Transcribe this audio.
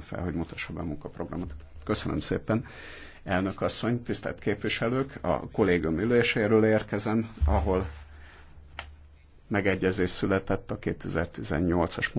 fel, hogy mutassa be a munkaprogramot. Köszönöm szépen. Elnök asszony, tisztelt képviselők, a kollégium üléséről érkezem, ahol megegyezés született a 2018-as